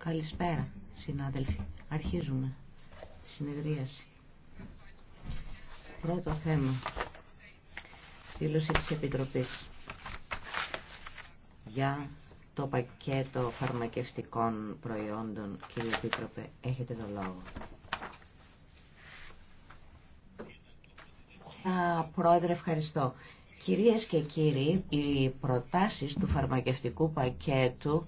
Καλησπέρα, συνάδελφοι. Αρχίζουμε τη συνεδρίαση. Πρώτο θέμα. Δήλωση της Επιτροπής για το πακέτο φαρμακευτικών προϊόντων. Κύριε Επίτροπε, έχετε το λόγο. Α, πρόεδρε, ευχαριστώ. Κυρίες και κύριοι, οι προτάσεις του φαρμακευτικού πακέτου